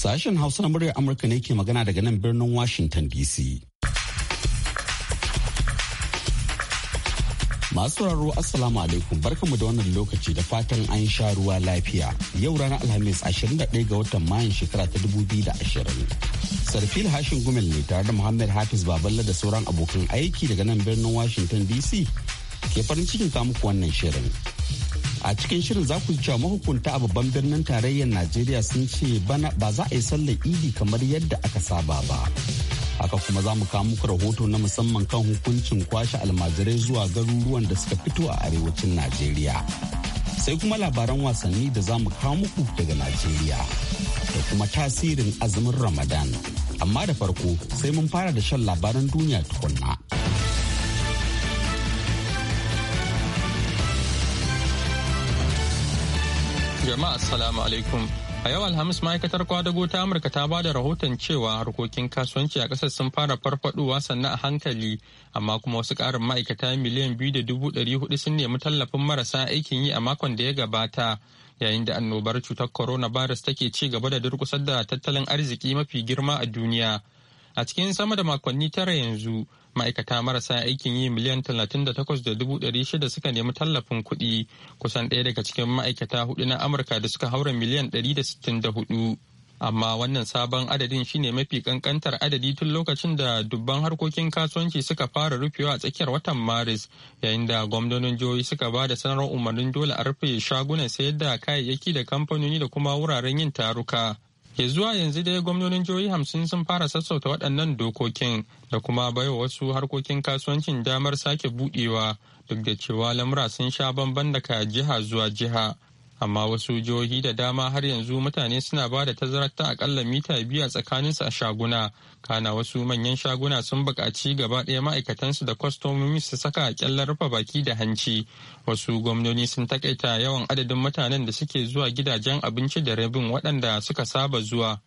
Sashen Hausa na muryar Amurka ne ke magana daga nan birnin Washington DC. Masu sauraro Assalamu alaikum barkamu da wannan lokaci da fatan an sha ruwa lafiya. Yau ranar Alhamis 21 ga watan Mayun shekara ta 2020. Sarfil Hashin Gumel ne tare da Muhammad Hafiz Baballa da sauran abokan aiki daga nan birnin Washington DC ke farin cikin kamuku wannan shirin. a cikin shirin za ku cewa mahukunta a babban birnin tarayyar najeriya sun ce bana ba za a yi sallar idi kamar yadda aka saba ba haka kuma za mu kawo muku rahoto na musamman kan hukuncin kwashe almajirai zuwa garuruwan da suka fito a arewacin najeriya sai kuma labaran wasanni da za mu kawo muku daga najeriya da kuma tasirin azumin ramadan amma da farko sai mun fara da shan labaran duniya tukunna. Jama'a Assalamu alaikum. A yau Alhamis ma'aikatar kwadago ta Amurka ta ba da rahoton cewa harkokin kasuwanci a ƙasar sun fara farfaɗowa sannan a hankali, amma kuma wasu ƙarin ma'aikata miliyan biyu da dubu ɗari hudu sun nemi tallafin marasa aikin yi a makon da ya gabata. Yayin da annobar cutar corona coronavirus take ci gaba da durkusar da tattalin arziki mafi girma a duniya. A cikin sama da makonni tara yanzu, ma'aikata marasa aikin yi miliyan 38,600 suka nemi tallafin kuɗi kusan ɗaya daga cikin ma'aikata hudu na amurka da suka haura miliyan 164 amma wannan sabon adadin shine mafi kankantar adadi tun lokacin da dubban harkokin kasuwanci suka fara rufewa a tsakiyar watan maris yayin da gwamnonin jihohi suka ba da sanarwar umarnin dole a rufe shagunan sayar da kayayyaki da kamfanoni da kuma wuraren yin taruka ke zuwa yanzu dai gwamnonin jihohi hamsin sun fara sassauta waɗannan dokokin da kuma baiwa wasu harkokin kasuwancin damar sake buɗewa duk da cewa lamura sun sha bamban daga jiha zuwa jiha amma wasu jihohi da dama har yanzu mutane suna ba da tazarar ta akalla mita biyu a tsakaninsu a shaguna kana wasu manyan shaguna sun buƙaci gaba ɗaya ma'aikatansu da kwastomomi su saka kyallar rufe baki da hanci wasu gwamnoni sun takaita yawan adadin mutanen da suke zuwa gidajen abinci da rabin waɗanda suka saba zuwa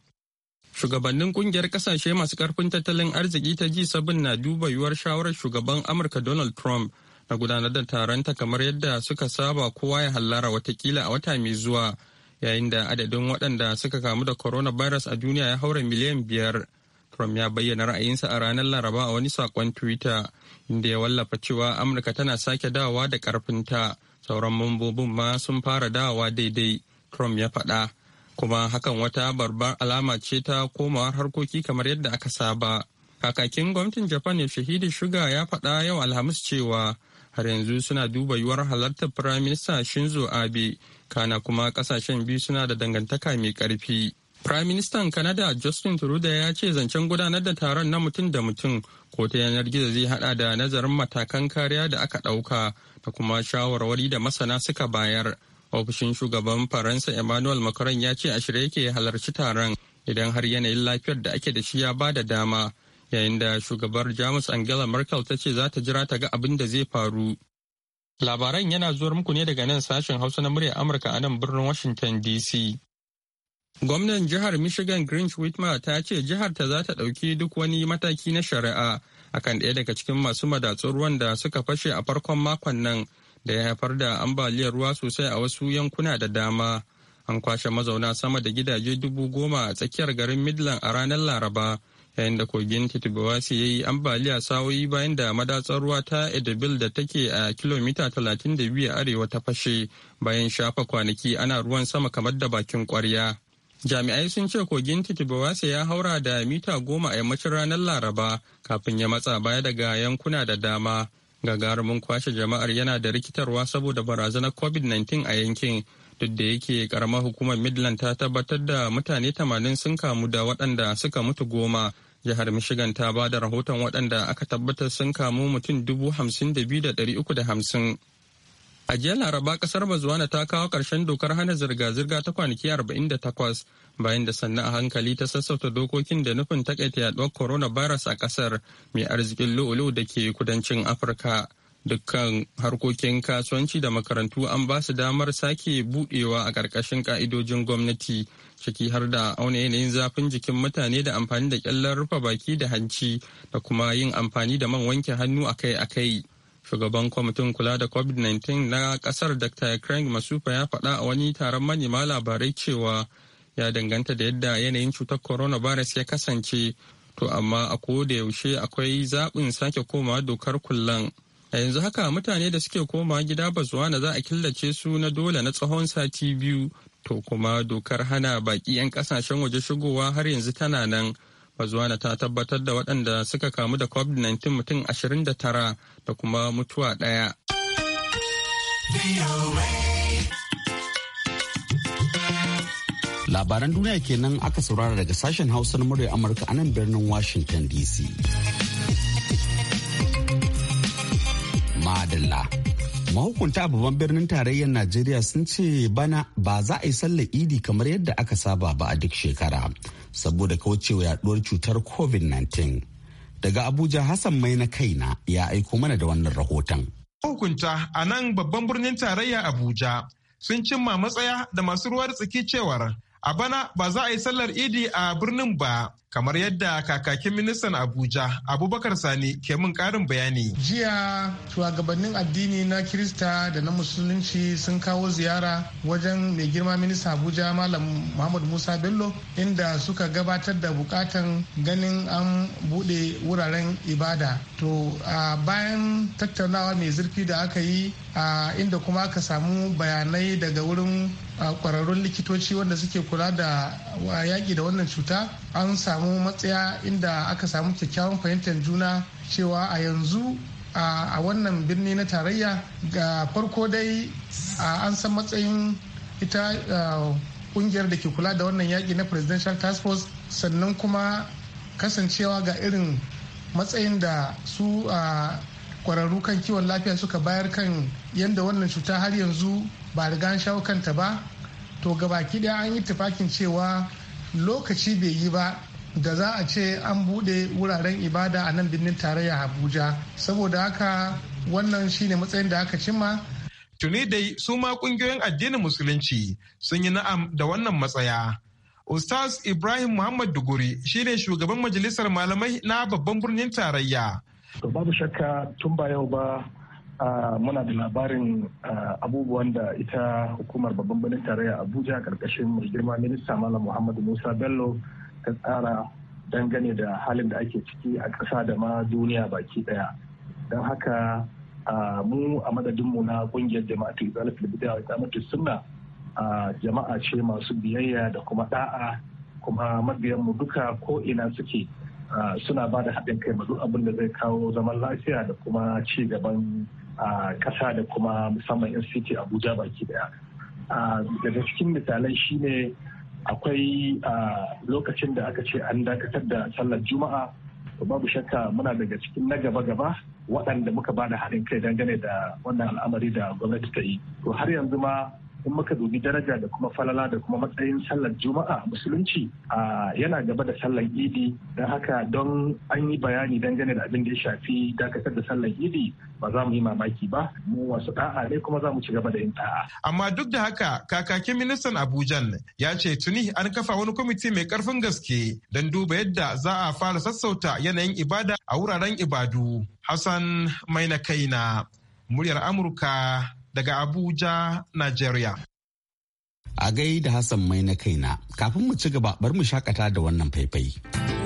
shugabannin kungiyar kasashe masu karfin tattalin arziki ta ji sabin na duba yuwar shawarar shugaban amurka donald trump na gudanar da taronta kamar yadda suka saba kowa ya hallara watakila a wata mai zuwa yayin da adadin waɗanda suka kamu da coronavirus a duniya ya haura miliyan biyar. Trump ya bayyana ra'ayinsa a ranar Laraba a wani saƙon Twitter inda ya wallafa cewa Amurka tana sake dawowa da ƙarfinta sauran mambobin ma sun fara dawowa daidai Trump ya faɗa. Kuma hakan wata barbar alama ce ta komawa harkoki kamar yadda aka saba. Kakakin gwamnatin Japan ya shahidi shuga ya faɗa yau Alhamis cewa har yanzu suna duba yiwuwar halartar firaminista shinzo abe kana kuma kasashen biyu suna da dangantaka mai karfi firaministan kanada justin trudeau ya ce zancen gudanar da taron na mutum da mutum ko ta yanar gizo zai hada da nazarin matakan kariya da aka dauka da kuma shawarwari da masana suka bayar ofishin shugaban faransa emmanuel macron ya ce a shirye yake halarci taron idan har yanayin lafiyar da ake da shi ya ba da dama yayin da shugabar jamus angela merkel ta ce za ta jira ta ga abin da zai faru labaran yana zuwar muku ne daga nan sashen hausa na murya amurka a nan birnin washington dc gwamnan jihar michigan grinch whitmer ta ce jihar ta za ta ɗauki duk wani mataki na shari'a akan ɗaya daga cikin masu madatsun ruwan da suka fashe a farkon makon nan da ya haifar da ambaliyar ruwa sosai a wasu yankuna da dama an kwashe mazauna sama da gidaje dubu goma a tsakiyar garin midland a ranar laraba yayin da kogin titibawasi ya yi ambaliya sawoyi bayan da madatsar ruwa ta edibil da take a kilomita 32 arewa ta fashe bayan shafa kwanaki ana ruwan sama kamar da bakin kwarya jami'ai sun ce kogin titibawasi ya haura da mita goma a yammacin ranar laraba kafin ya matsa baya daga yankuna da dama gagarumin kwashe jama'ar yana da rikitarwa saboda barazanar covid-19 a yankin duk da yake karamar hukumar midland ta tabbatar da mutane 80 sun kamu da waɗanda suka mutu goma jihar michigan ta ba da rahoton waɗanda aka tabbatar sun kamu mutum dubu hamsin da biyu da ɗari uku da hamsin a jiya laraba kasar bazuwana ta kawo ƙarshen dokar hana zirga-zirga ta kwanaki arba'in da takwas bayan da sannan a hankali ta sassauta dokokin da nufin takaita yaduwar coronavirus a kasar mai arzikin lu'ulu da ke kudancin afirka Dukkan harkokin kasuwanci da makarantu an ba su damar sake budewa a ƙarƙashin ƙa'idojin gwamnati, ciki har da auna yanayin zafin jikin mutane da amfani da ƙyallar rufe baki da hanci da kuma yin amfani da man wanke hannu akai-akai. shugaban kwamitin kula da covid-19 na kasar dr craig masufa ya faɗa a wani taron manema labarai cewa ya danganta da yadda yanayin cutar coronavirus ya kasance to amma a da yaushe akwai zaɓin sake komawa dokar kullan a yanzu haka mutane da suke koma gida na za a killace su na dole na tsawon sati biyu to kuma dokar hana baki 'yan kasashen waje shigowa har yanzu tana nan na ta tabbatar da waɗanda suka kamu da covid-19 mutum 29 da kuma mutuwa ɗaya. labaran duniya kenan aka saurara daga sashen hausa na murya amurka a nan birnin washington dc Madalla. Mahukunta a babban birnin tarayyar Najeriya sun ce bana ba za a yi sallar idi kamar yadda aka saba ba a duk shekara saboda kaucewa yaduwar cutar COVID-19. Daga Abuja Hassan mai na kaina ya aiko mana da wannan rahoton. Mahukunta a nan babban birnin tarayya Abuja sun cimma matsaya da masu ruwar tsaki cewar a bana ba za a yi sallar idi a birnin ba kamar yadda kakakin ministan abuja abubakar sani ke mun karin bayani jiya shugabannin addini na kirista da na musulunci sun kawo ziyara wajen mai girma ministan abuja malam muhammad musa bello inda suka gabatar da bukatan ganin an bude wuraren ibada to a bayan tattaunawa mai zurfi da aka yi a inda kuma aka samu bayanai daga wurin kwararrun likitoci wanda suke kula da yaƙi da wannan cuta an samu matsaya inda aka samu kyakkyawan fahimtar juna cewa a yanzu a wannan birni na tarayya ga farko dai an san matsayin ita kungiyar da ke kula da wannan yaƙi na presidential task force sannan kuma kasancewa ga irin matsayin da su a kwararru kan kiwon lafiya suka bayar kan yadda wannan cuta har yanzu ba riga an shawo kanta ba to gabaki daya an yi tufakin cewa lokaci bai yi ba da za a ce an bude wuraren ibada a nan birnin tarayya abuja saboda haka wannan shine matsayin da aka cimma tuni dai su ma kungiyoyin addinin musulunci sun yi na'am da wannan matsaya Ustaz Ibrahim Muhammad Duguri shine shugaban majalisar malamai na babban birnin tarayya. babu shakka tun ba yau ba muna da labarin abubuwan da ita hukumar babban birnin tarayya abuja karkashin mai girma minista malam muhammadu musa bello ta tsara dangane da halin da ake ciki a ƙasa da ma duniya baki daya don haka mu a madadinmu na ƙungiyar jama'atu izalatul bid'a wa iqamatus sunna jama'a ce masu biyayya da kuma da'a kuma mabiyanmu duka ko ina suke suna ba da haɗin kai mazu duk abin da zai kawo zaman lafiya da kuma ci gaban a ƙasa da kuma musamman city abuja baki daya daga cikin misalai shine akwai lokacin da aka ce an dakatar da sallar juma'a babu shakka muna daga cikin na gaba-gaba waɗanda muka ba da haɗin kai dangane da wannan al'amari da gwamnati ta yi to har yanzu ma in muka dubi daraja da kuma falala da kuma matsayin sallar juma'a musulunci yana gaba da sallar idi don haka don an yi bayani dangane da abin da ya shafi dakatar da sallar idi ba za mu yi mamaki ba mu wasu da'a ne kuma za mu ci gaba da yin da'a. amma duk da haka kakakin ministan abujan ya ce tuni an kafa wani kwamiti mai karfin gaske don duba yadda za a fara sassauta yanayin ibada a wuraren ibadu hassan mai kaina muryar amurka daga Abuja, Nigeria. A gai da Hassan mai na kaina, kafin mu ci gaba bar mu shakata da wannan faifai.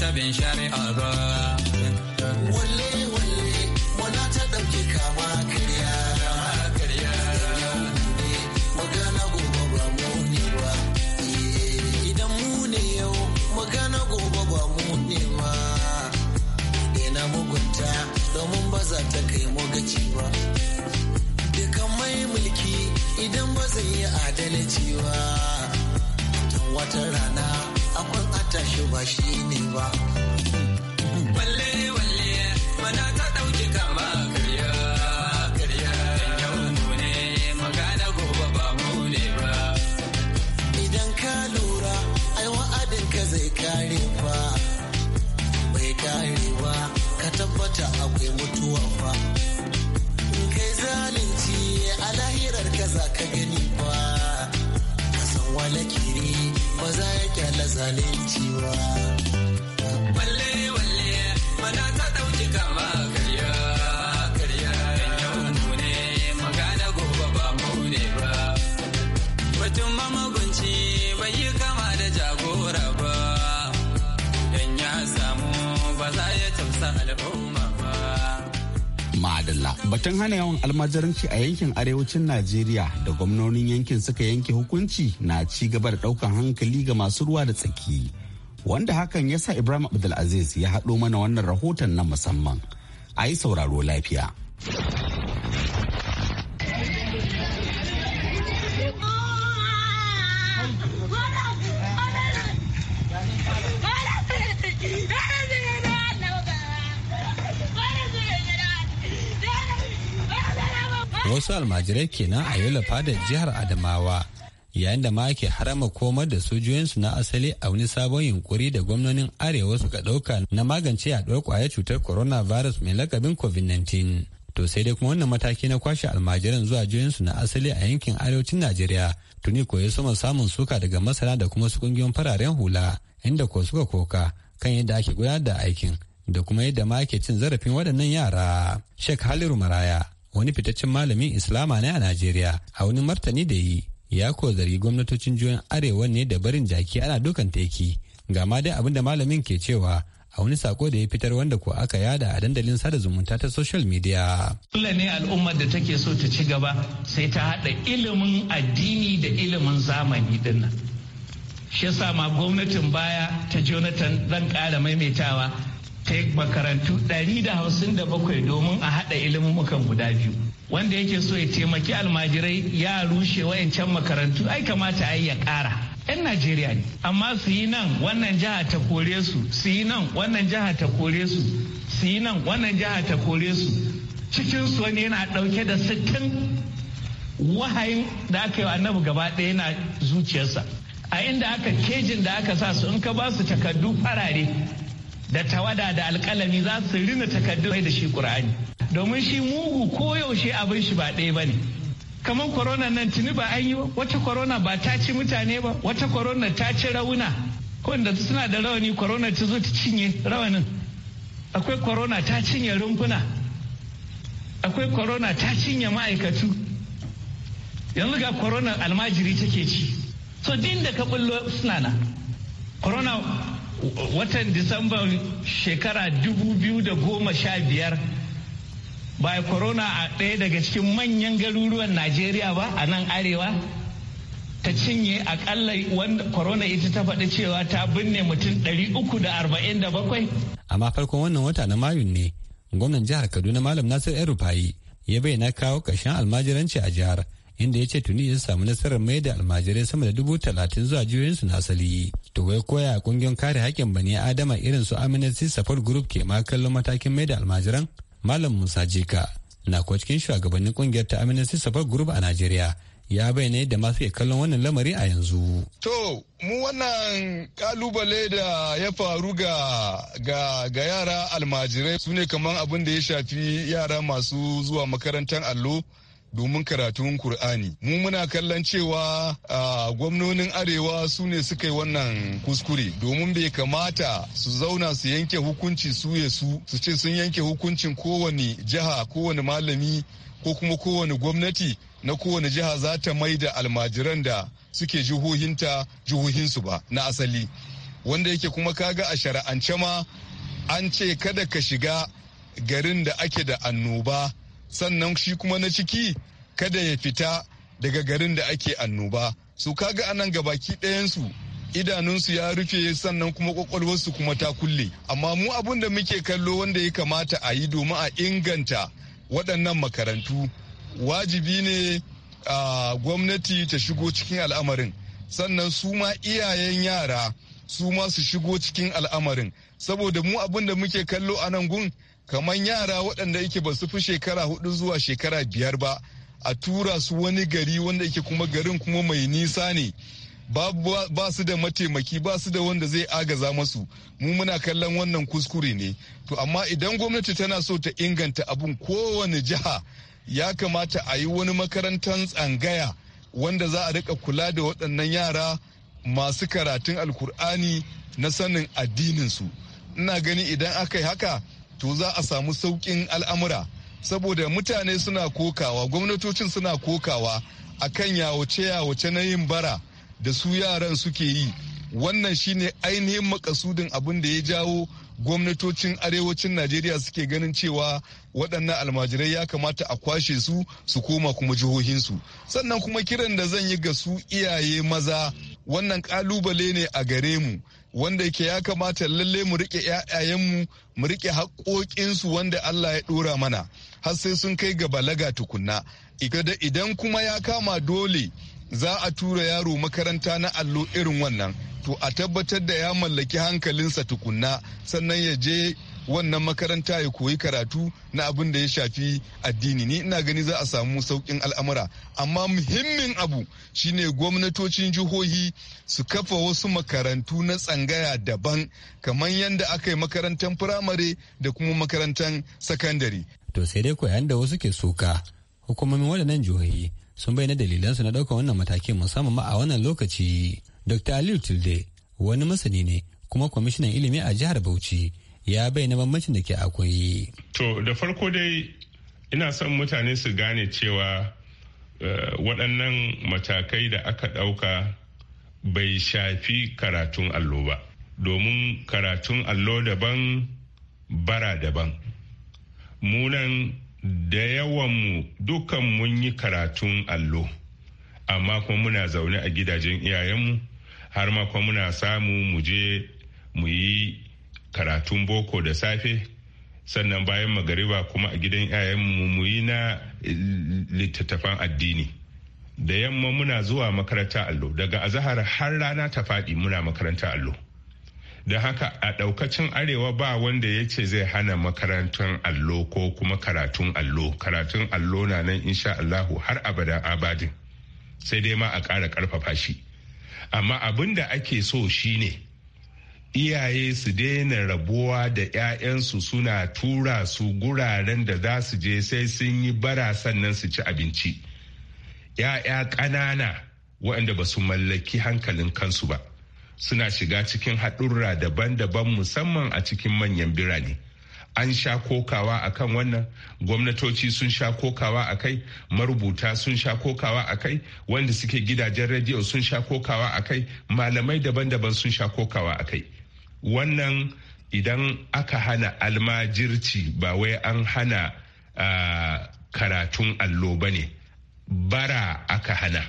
Wale wale shari'a ba. wana ta ɗauke kama karya. Magana gobe ba mu ne ba. Idan mu ne yau magana gobe ba mu ne ba. Ina mugunta domin ba za ta kai mu gaci ba. Dukan mai mulki idan ba zai yi adalci ba. Tun wata rana. to ba shi ne ba almajiranci a yankin arewacin najeriya da gwamnonin yankin suka yanke hukunci na ci gaba da daukan hankali ga masu ruwa da tsaki wanda hakan ya sa ibrahim abdulaziz ya haɗo mana wannan rahoton na musamman ayi sauraro lafiya wasu almajirai kenan a yau da jihar adamawa yayin da ma ke harama komar da sojojinsu na asali a wani sabon yunkuri da gwamnonin arewa suka ɗauka na magance a kwayar cutar coronavirus mai lakabin covid-19 to sai dai kuma wannan mataki na kwashe almajiran zuwa jiyoyinsu na asali a yankin arewacin najeriya tuni ko ya soma samun suka daga masana da kuma su kungiyoyin fararen hula inda ko suka koka kan yadda ake gudanar da aikin da kuma yadda ma ake cin zarafin waɗannan yara shek haliru maraya wani fitaccen malamin islama ne a najeriya a wani martani da yi ya ko zargi gwamnatocin juyan arewa ne da barin jaki ana dukan teki ga ma dai abinda malamin ke cewa a wani sako da ya fitar wanda ko aka yada a dandalin sada zumunta ta social media. Kula ne al'ummar da take so ta ci gaba sai ta haɗa ilimin addini da ilimin zamani dinnan. Shi yasa ma gwamnatin baya ta Jonathan zan kara maimaitawa ta makarantu 157 domin a haɗa ilimin guda biyu wanda yake so ya taimaki almajirai ya rushe wayancan makarantu ai kamata yi ya ƙara 'yan najeriya ne amma su yi nan wannan jiha ta kore su su yi nan wannan jiha ta kore su su yi nan wannan jiha ta kore su cikin su wani yana ɗauke da sittin wahayin da aka yi wa annabi gaba ɗaya na zuciyarsa a inda aka kejin da aka sa su in ka ba su takardu farare da tawada da alkalami za su rina takardun da shi ƙur'ani domin shi mugu koyaushe abin shi ba ɗaya ba ne kamar korona nan tuni ba an yi wata korona ba ta ci mutane ba wata korona ta ci rauna wanda suna da rawani korona ta zo ta cinye rawanin akwai korona ta cinye rumfuna akwai korona ta cinye ma'aikatu yanzu ga korona almajiri take ci so din da ka bullo suna na korona watan disamban shekara da goma sha biyar ba corona a ɗaya daga cikin manyan garuruwan najeriya ba a nan arewa ta cinye akalla wanda corona ita ta faɗi cewa ta binne mutum ɗari da arba'in 347 amma farkon wannan wata na mayun ne gwamnan jihar kaduna malam nasir yan rufayi ya bayyana kawo ƙarshen almajiranci a jihar inda ya ce tuni ya samu nasarar mai da almajirai sama da dubu talatin zuwa juyoyinsu na asali to wai koya a kungiyar kare haƙƙin bani adama irin su amnesty support group ke ma kallon matakin mai da almajiran malam musa jika na kuwa cikin shugabannin kungiyar ta amnesty support group a najeriya ya bayyana yadda masu iya kallon wannan lamari a yanzu. To, mu wannan kalubale da ya faru ga, ga, ga yara almajirai su ne kamar abin da ya shafi yara masu zuwa makarantar allo domin karatun Kur'ani. Mu muna kallon cewa gwamnonin Arewa su ne suka yi wannan kuskure domin bai kamata su zauna su yanke hukunci su ya su su ce sun yanke hukuncin kowane jiha kowane malami ko kuma kowane gwamnati na kowane jiha za ta mai da almajiran da suke jihohinta jihohinsu ba na asali wanda yake kuma kaga a shari'ance ma an ce kada ka shiga garin da ake da annoba sannan shi kuma na ciki kada ya fita daga garin da ake annoba su kaga anan ga baki ɗayansu idanunsu ya rufe sannan kuma kwakwalwarsu kuma ta kulle amma mu abun da muke kallo wanda ya kamata a yi domin a inganta waɗannan makarantu wajibi ne a gwamnati ta shigo cikin al'amarin sannan su ma iyayen yara su ma su shigo cikin al'amarin saboda mu abin da muke kallo a nan gun kamar yara waɗanda yake ba su fi shekara hudu zuwa shekara biyar ba a tura su wani gari wanda yake kuma garin kuma mai nisa ne ba su da mataimaki ba su da wanda zai agaza masu mu muna kallon wannan kuskure ne to amma idan gwamnati tana so ta inganta abun kowane jiha ya kamata a yi wani makarantar tsangaya wanda za a rika kula da waɗannan yara masu karatun alkur'ani na sanin addinin su ina gani idan aka yi haka to za a samu saukin al'amura saboda mutane suna kokawa gwamnatocin suna kokawa a kan yawace yawace na yin bara da su yaran suke yi wannan shine ainihin makasudin abin da ya jawo gwamnatocin arewacin najeriya suke ganin cewa waɗannan almajirai ya kamata a kwashe su su koma kuma jihohinsu sannan kuma kiran da zan yi ga su iyaye maza wannan ƙalubale ne a gare mu wanda ke ya kamata lalle mu rike ‘ya'yayenmu mu rike haƙoƙinsu wanda Allah ya ɗora mana har sai sun kai ga balaga tukunna idan kuma ya kama dole za a tura yaro makaranta na allo irin wannan to a tabbatar da ya mallaki hankalinsa tukunna sannan ya je wannan makaranta ya koyi karatu na abin da ya shafi addini ni ina gani za a samu sauƙin al'amura amma muhimmin abu shine gwamnatocin jihohi su kafa wasu makarantu na tsangaya daban kamar yadda aka yi makarantar firamare da kuma makarantar sakandare. to sai dai koyan da wasu ke suka hukumomin waɗannan jihohi sun bayyana dalilansu na ɗaukar wannan matakin musamman ma a wannan lokaci dr aliyu tilde wani masani ne kuma kwamishinan ilimi a jihar bauchi ya bayyana bambancin da ke akwai. To da farko dai ina son mutane su gane cewa eh, waɗannan matakai da aka ɗauka bai shafi karatun allo ba domin karatun allo daban bara daban. Munan da yawanmu dukan mun yi karatun allo amma kuma muna zaune a gidajen iyayenmu har ma kuma muna samu mu je mu yi karatun boko da safe sannan bayan magariba kuma a gidan yayan mu yi na littattafan addini da yamma muna zuwa makaranta allo daga azahar har rana ta faɗi muna makaranta allo da haka a ɗaukacin arewa ba wanda ya ce zai hana makarantar allo ko kuma karatun allo karatun allo na nan insha Allahu har abada abadin sai dai ma a kara ƙarfafa shi amma abin da ake so shine iyaye su daina rabuwa da 'ya'yansu suna tura su guraren da za su je sai sun yi bara sannan su ci abinci 'ya'ya ƙanana waɗanda ba su mallaki hankalin kansu ba suna shiga cikin haɗurra daban-daban musamman a cikin manyan birane an sha kokawa a kan wannan gwamnatoci sun sha kokawa a kai marubuta sun sha kokawa a kai wanda suke gidajen rediyo sun sha kokawa a kai malamai daban-daban sun sha kokawa a kai wannan idan aka hana almajirci ba wai an hana karatun allo ba ne bara aka hana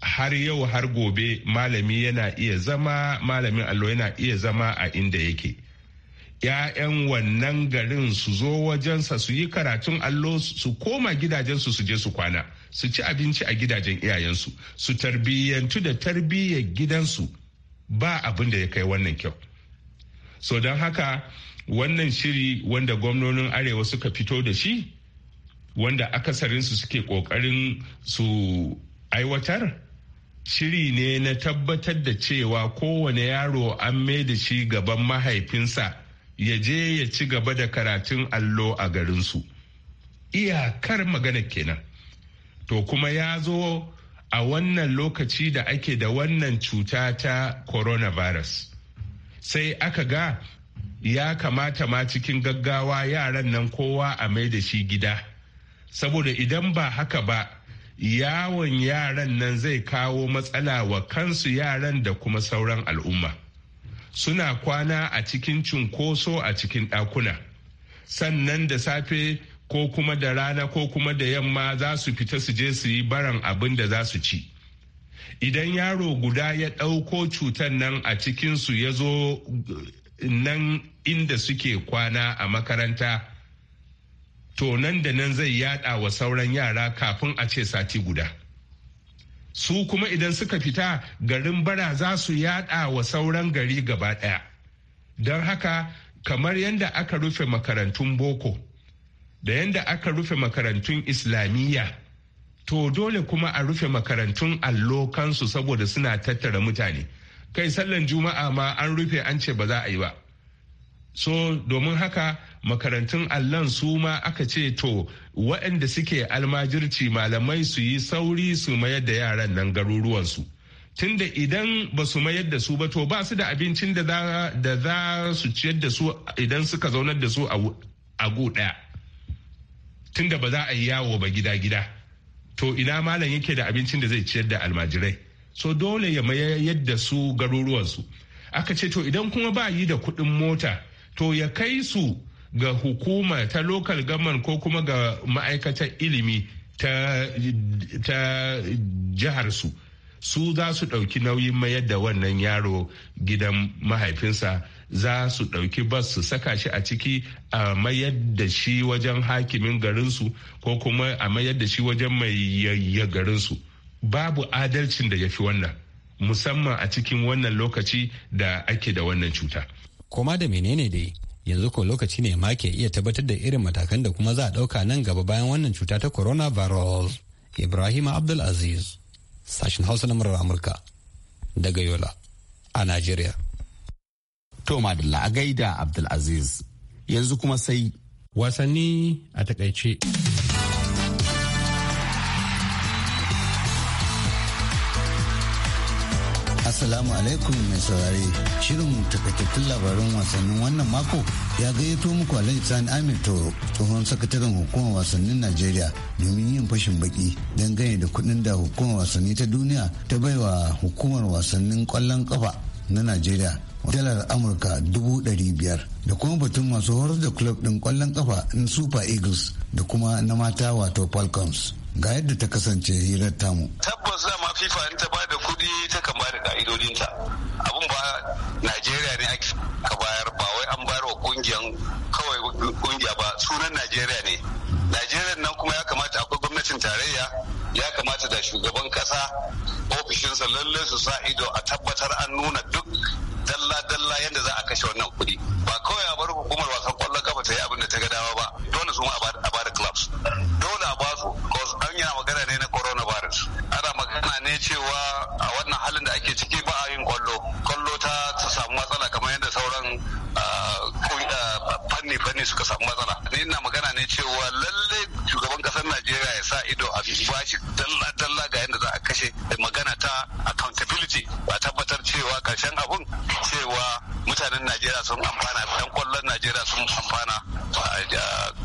har yau har gobe malami yana iya zama malamin allo yana iya zama a inda yake ‘ya'yan wannan garin su zo wajensa su yi karatun allo su koma gidajensu su je su kwana su ci abinci a gidajen iyayensu su tarbiyyantu da tarbiyyar gidansu ba abin da ya kai wannan kyau so don haka wannan shiri wanda gwamnonin arewa suka fito da shi wanda akasarinsu suke kokarin su aiwatar shiri ne na tabbatar da cewa kowane yaro an mai da shi gaban mahaifinsa ya je ya ci gaba da karatun allo a garinsu iyakar magana kenan to kuma ya zo a wannan lokaci da ake da wannan cuta ta coronavirus sai aka ga ya kamata ma cikin gaggawa yaran nan kowa a mai da shi gida saboda idan ba haka ba yawon yaran nan zai kawo matsala wa kansu yaran da kuma sauran al'umma suna kwana a cikin cunkoso a cikin ɗakuna sannan da safe ko kuma da rana ko kuma da yamma za su fita su je su yi baran abin da za su ci idan yaro guda ya ɗauko cutar nan a cikinsu ya zo eh, nan inda suke kwana a makaranta to nan da nan zai yaɗa wa sauran yara kafin a ce sati guda su kuma idan suka fita garin bara za su yada wa sauran gari gaba ɗaya don haka kamar yadda aka rufe makarantun boko da yadda aka rufe makarantun islamiyya to dole kuma a rufe makarantun allo kansu saboda suna tattara mutane kai sallan juma'a ma an rufe an ce ba za a yi ba so domin haka makarantun allon su ma aka ce to waɗanda suke almajirci malamai su yi sauri su mayar da yaran nan garuruwansu tunda idan ba su mayar da su ba to ba su da abincin da za su ciyar da su idan suka zaunar da su a gu ɗaya tunda ba za a yi yawo ba gida-gida to ina malam yake da abincin da zai ciyar da almajirai so dole ya mayar yadda su garuruwansu aka ce to idan kuma ba yi da kuɗin mota to ya kai su ga hukuma ta lokal government ko kuma ga ma'aikatar ilimi ta, ta su su za su ɗauki nauyin mayar da wannan yaro gidan mahaifinsa za su ɗauki bas su saka shi a ciki a mayar da shi wajen hakimin garinsu ko kuma a mayar da shi wajen mai garinsu babu adalcin da ya fi wannan musamman a cikin wannan lokaci da ake da wannan cuta. Koma da menene dai yanzu ko lokaci ne ma ke iya tabbatar da irin matakan da kuma za a ɗauka nan gaba bayan wannan cuta ta coronavirus. Ibrahim Abdulaziz, sashen Hausa na murar Amurka, daga Yola, a Najeriya. To Madalla a gaida Abdulaziz. Yanzu kuma sai. Wasanni a takaice. asalamu alaikum mai saurari shirin takaitattun labaran wasannin wannan mako ya gayyato muku Alhaji Sani Amir Toro tsohon sakataren hukumar wasannin Najeriya domin yin fashin baki don dangane da kuɗin da hukumar wasanni ta duniya ta baiwa hukumar wasannin kwallon ƙafa na Najeriya dalar amurka dubu biyar da kuma batun masu horar da club din kwallon kafa na super eagles da kuma na mata wato falcons ga yadda ta kasance hirar tamu tabbas dama fifa in ta bada kudi ta kan da ka'idodinta abun ba najeriya ne ka bayar ba wai an bayar wa kungiyan kawai kungiya ba sunan najeriya ne najeriya nan kuma ya kamata akwai gwamnatin tarayya ya kamata da shugaban kasa ofishinsa lalle su sa ido a tabbatar an nuna duk dalla-dalla yadda za a kashe wannan kuɗi ba kawai a bar hukumar wasan kwallon kafa ta yi abin da ta ga dama ba dole su ma a bar clubs dole a ba su an yana magana ne na coronavirus ana magana ne cewa a wannan halin da ake ciki ba a yin kwallo kwallo ta samu matsala kamar yadda sauran fanni-fanni ah, ah, suka samu matsala ni ina magana ne cewa lalle shugaban kasar najeriya ya sa ido a bashi dalla-dalla ga yadda za a kashe magana ta accountability ba tabbatar cewa karshen abun mutanen najeriya sun amfana ɗan kwallon najeriya sun amfana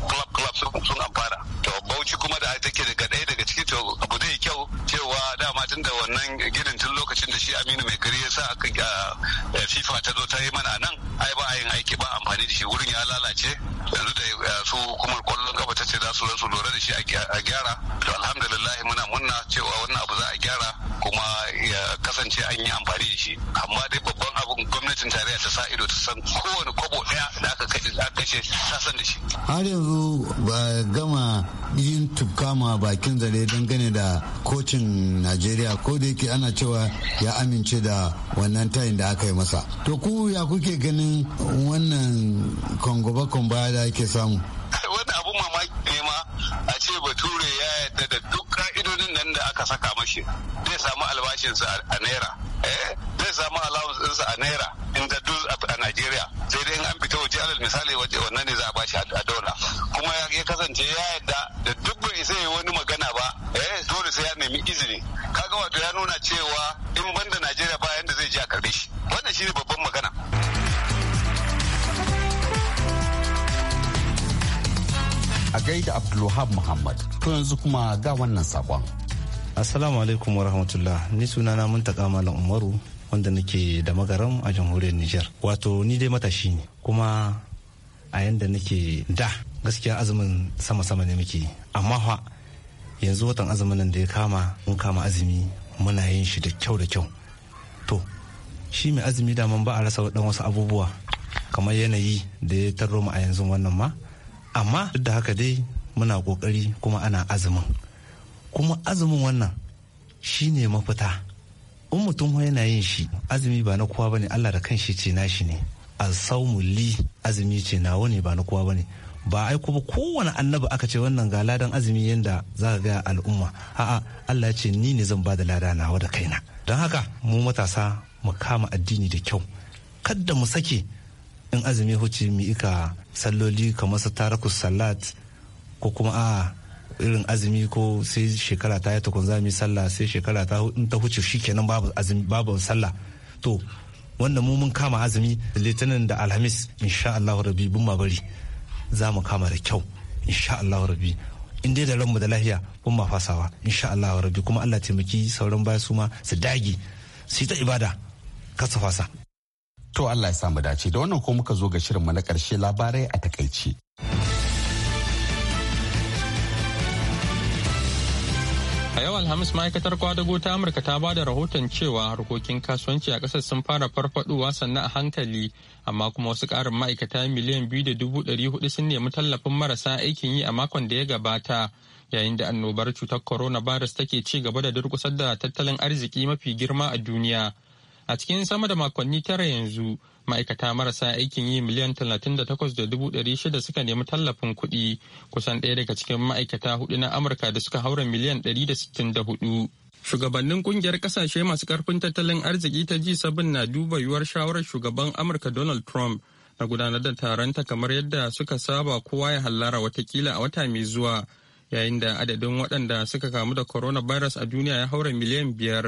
club club sun amfana to bauchi kuma da take daga ɗaya daga ciki to abu zai kyau cewa dama tun da wannan ginin tun lokacin da shi aminu mai gari ya sa aka fifa ta zo ta yi mana nan ai ba a yin aiki ba amfani da shi wurin ya lalace yanzu da su hukumar kwallon kafa ta ce za su rasu lura da shi a gyara to alhamdulillah muna munna cewa wannan abu za a gyara kuma ya kasance an yi amfani da shi amma dai gwamnatin tarayya ta sa ido ta san kowane kwabo daya da aka kashe ta san da shi har yanzu ba gama yin tukama bakin zare dangane da kocin najeriya ko da yake ana cewa ya amince da wannan tayin da aka yi masa to ku ya kuke ganin wannan kongobakon baya da ake samu wani abun mamaki ne ma a ce bature ya yadda da duk ka'idodin nan da aka saka mashi zai samu albashinsa a naira eh? zai samu allowance ɗinsa a naira in da duk a Najeriya sai dai in an fita waje alal misali waje wannan ne za a bashi a dola kuma ya kasance ya yadda da duk bai sai wani magana ba eh dole sai ya nemi izini kaga wato ya nuna cewa in banda Najeriya ba yanda zai je a karbe shi wannan shine babban magana a gaida Abdulwahab Muhammad to yanzu kuma ga wannan sakon Assalamu alaikum wa rahmatullah. Ni sunana mun taƙa Malam Umaru wanda nake da magaram a jamhuriyar Nijar. Wato ni dai matashi ne kuma a yanda nake da gaskiya azumin sama-sama ne muke amma fa yanzu watan azumin nan da ya kama mun kama azumi muna yin shi da kyau da kyau to shi mai azumi da ba a rasa dan wasu abubuwa kamar yanayi da ya tarro mu a yanzu wannan ma amma duk da haka dai muna kokari kuma ana azumin kuma azumin wannan shine mafita in mutum yana yin shi azumi ba na kowa bane Allah da kanshi ce nashi ne li azumi ce nawa ne ba na kowa bane ba aiko ba kowane annabi aka ce wannan ga ladan azumi yanda za ka ga al'umma a'a Allah ya ce ni ne zan ba da lada nawa da kaina don haka mu matasa mu kama addini da kyau kadda mu sake in azumi huce mu ika salloli kamar su tarakus salat ko kuma a irin azumi ko sai shekara ta ya tukun zami sallah sai shekara ta in ta huce shikenan babu azumi babu sallah to wanda mu mun kama azumi litinin da alhamis insha Allah rabbi bin ma bari za mu kama da kyau insha Allah rabbi in dai da ranmu da lahiya bin ma fasawa insha Allah rabbi kuma Allah taimaki sauran baya su ma su dage su yi ta ibada ka su fasa to Allah ya samu dace da wannan ko muka zo ga shirin mu na karshe labarai a takaice A yau Alhamis ma'aikatar kwadago ta Amurka ta ba da rahoton cewa harkokin kasuwanci a ƙasar sun fara farfaduwa sannan a hankali, amma kuma wasu ƙarin ma'aikata miliyan biyu da dubu ɗari hudu sun nemi tallafin marasa aikin yi a makon da ya gabata, yayin da annobar cutar coronavirus take ci gaba da durƙusar da tattalin arziki mafi girma a duniya. A cikin sama da makonni tara yanzu, ma'aikata marasa aikin yi miliyan 38,600 suka nemi tallafin kuɗi kusan ɗaya daga cikin ma'aikata hudu na amurka da suka haura miliyan 164 shugabannin kungiyar kasashe masu karfin tattalin arziki ta ji sabin na duba yuwar shawarar shugaban amurka donald trump na gudanar da taronta kamar yadda suka saba kowa ya hallara watakila a wata mai zuwa yayin da adadin waɗanda suka kamu da coronavirus a duniya ya haura miliyan biyar.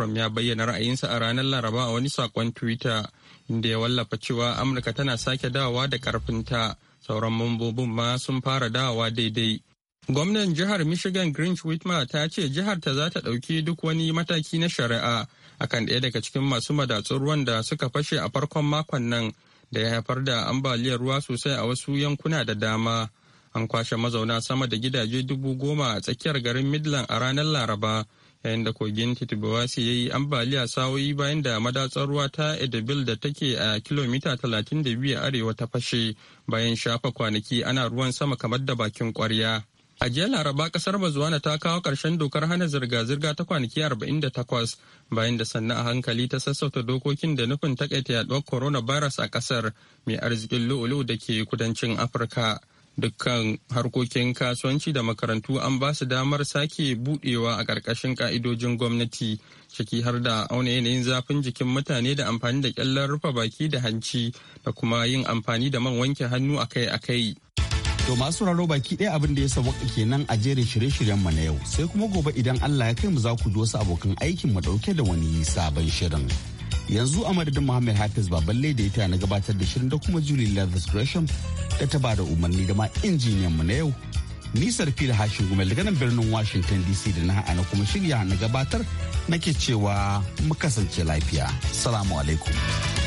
Trump ya bayyana ra'ayinsa a ranar Laraba a wani sakon Twitter inda ya wallafa cewa Amurka tana sake dawowa da karfinta sauran mambobin ma sun fara dawowa daidai. Gwamnan jihar Michigan Grinch Whitmer ta ce jihar ta za ta ɗauki duk wani mataki na shari'a akan ɗaya daga cikin masu madatsun ruwan da suka fashe a farkon makon nan da ya haifar da ambaliyar ruwa sosai a wasu yankuna da dama. An kwashe mazauna sama da gidaje dubu goma a tsakiyar garin Midland a ranar Laraba yayin da kogin titibawasi ya yi ambaliya sawoyi bayan da madatsar ruwa ta edebil da take a kilomita 32 arewa ta fashe bayan shafa kwanaki ana ruwan sama kamar da bakin kwarya a jiya laraba kasar bazuwana ta kawo ƙarshen dokar hana zirga-zirga ta kwanaki 48 bayan da sannan a hankali ta sassauta dokokin da nufin takaita yaduwar coronavirus a kasar mai arzikin lu'ulu da ke kudancin afirka Dukkan harkokin kasuwanci da makarantu an ba su damar sake budewa a ƙarƙashin ka'idojin gwamnati, ciki har da auna yanayin zafin jikin mutane da amfani da ƙyallar rufe baki da hanci da kuma yin amfani da man wanke hannu akai-akai. To masu raro baki ɗaya abin da ya sauwaka kenan a jerin shirye-shiryen mu na yau sai kuma gobe idan Allah ya kai mu za ku ji wasu abokan aikin mu ɗauke da wani sabon shirin. yanzu a madadin muhammad hafiz baban da ya na gabatar da shirin da kuma julie levis gresham da ta bada umarni da ma injiniyan mu na yau nisar fil hashin gumel daga nan birnin washington dc da na ha'ana kuma shirya na gabatar nake cewa mu kasance lafiya salamu alaikum